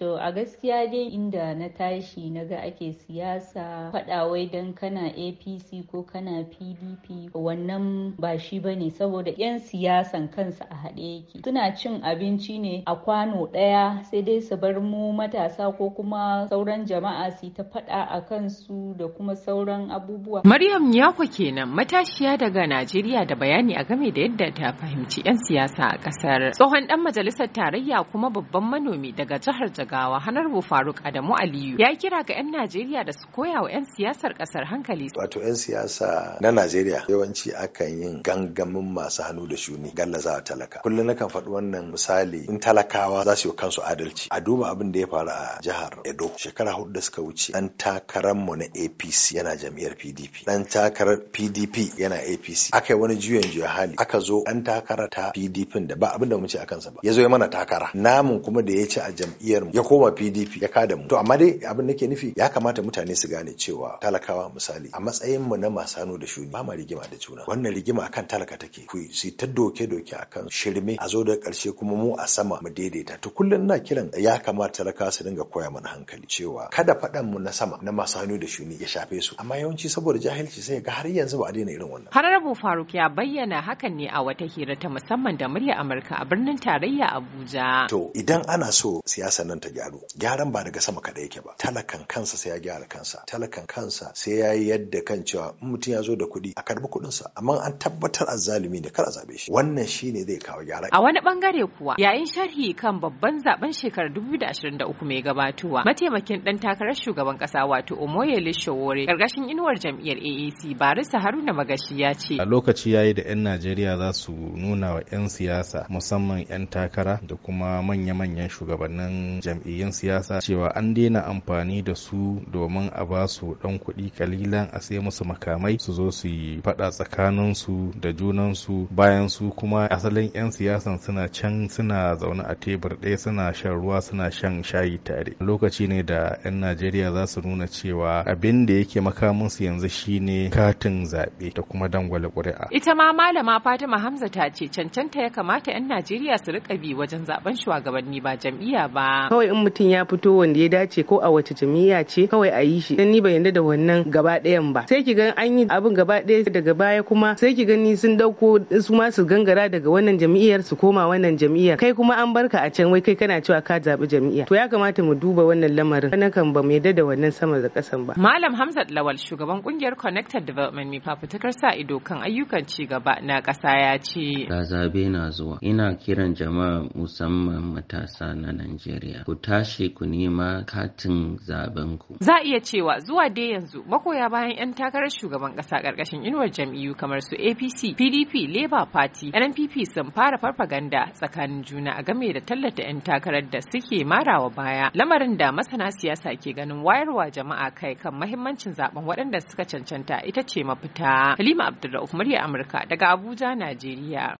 To a gaskiya dai inda na tashi na ga ake siyasa faɗawai don kana APC ko kana PDP wannan ba shi ba ne saboda 'yan siyasan kansa a haɗe yake. Suna cin abinci ne a kwano ɗaya sai dai su bar mu matasa ko kuma sauran jama'a su ta faɗa a kansu da kuma sauran abubuwa. Maryam Yako kenan matashiya daga Najeriya da bayani a game da yadda ta fahimci 'yan siyasa a ƙasar. Tsohon ɗan majalisar tarayya kuma babban manomi daga jihar gawa hanarbu faruk adamu aliyu ya kira ga 'yan najeriya da su koya wa 'yan siyasar kasar hankali wato 'yan siyasa na najeriya yawanci akan yin gangamin masu hannu da shuni gallazawa talaka kullum na kan faɗi wannan misali in talakawa za su yi kansu adalci a duba abin da ya faru a jihar edo shekara hudu da suka wuce dan mu na apc yana jam'iyyar pdp dan takarar pdp yana apc aka yi wani juyin juya hali aka zo dan takara ta pdp da ba abin da mu ce a kansa ba ya zo ya mana takara namun kuma da ya ci a jam'iyyar mu ya koma pdp ya kada mu to amma dai abin nake nufi ya kamata mutane su gane cewa talakawa misali a matsayin mu na masu hannu da shuni ba ma rigima da juna wannan rigima akan talaka take ku su ta doke doke akan shirme a zo da karshe kuma mu a sama mu daidaita to kullum na kiran ya kamata talakawa su dinga koya mana hankali cewa kada faɗan mu na sama na masu hannu da shuni ya shafe su amma yawanci saboda jahilci sai ga har yanzu ba a daina irin wannan bu faruk ya bayyana hakan ne a wata hira ta musamman da murya amurka a birnin tarayya abuja to idan ana so siyasa nan ta ta gyaro gyaran ba daga sama kaɗai yake ba talakan kansa sai ya gyara kansa talakan kansa sai ya yi yadda kan cewa in mutum ya zo da kuɗi a karɓi sa amma an tabbatar azzalumi ne kar a zaɓe shi wannan shine zai kawo gyara a wani bangare kuwa yayin sharhi kan babban zaben shekarar 2023 mai gabatowa mataimakin dan takarar shugaban kasa wato Omoyele shawore, karkashin inuwar jam'iyyar AAC Barisa Haruna Magashi ya ce a lokaci yayi da 'yan Najeriya za su nuna wa 'yan siyasa musamman 'yan takara da kuma manya-manyan shugabannin jam'iyyar jam'iyyun siyasa cewa an daina amfani da su domin a ba su dan kuɗi kalilan a sai musu makamai su zo su yi faɗa su da junan su, bayan su kuma asalin 'yan siyasan suna can suna zaune a tebur ɗaya suna shan ruwa suna shan shayi tare lokaci ne da 'yan najeriya za su nuna cewa abin da yake makaminsu yanzu shine katin zaɓe da kuma dangwale ƙuri'a ita ma malama fatima hamza ta ce cancanta ya kamata 'yan najeriya su riƙa bi wajen zaben shugabanni ba jam'iyya ba kawai kawai in mutum ya fito wanda ya dace ko a wace jami'a ce kawai a yi shi dan ni ban yarda da wannan gaba ɗayan ba sai ki ga an yi abin gaba ɗaya daga baya kuma sai ki gani sun dauko su ma su gangara daga wannan jami'ar su koma wannan jami'ar kai kuma an barka a can wai kai kana cewa ka zabi jami'a to ya kamata mu duba wannan lamarin kana kan ba mu yarda da wannan sama da kasan ba malam Hamzat Lawal shugaban kungiyar Connected Development mai fafutukar sa ido kan ayyukan ci gaba na kasa ya ce ga zabe na zuwa ina kiran jama'a musamman matasa na Najeriya ku tashi ku nema katin zaben ku. Za a iya cewa zuwa dai yanzu makoya bayan 'yan takarar shugaban ƙasa ƙarƙashin inuwar jam'iyyu kamar su APC, PDP, Labour Party, NPP sun fara farfaganda tsakanin juna a game da tallata 'yan takarar da suke marawa baya. Lamarin da masana siyasa ke ganin wayarwa jama'a kai kan mahimmancin zaben waɗanda suka cancanta ita ce mafita. Halima Abdulrauf murya Amurka daga Abuja, Najeriya.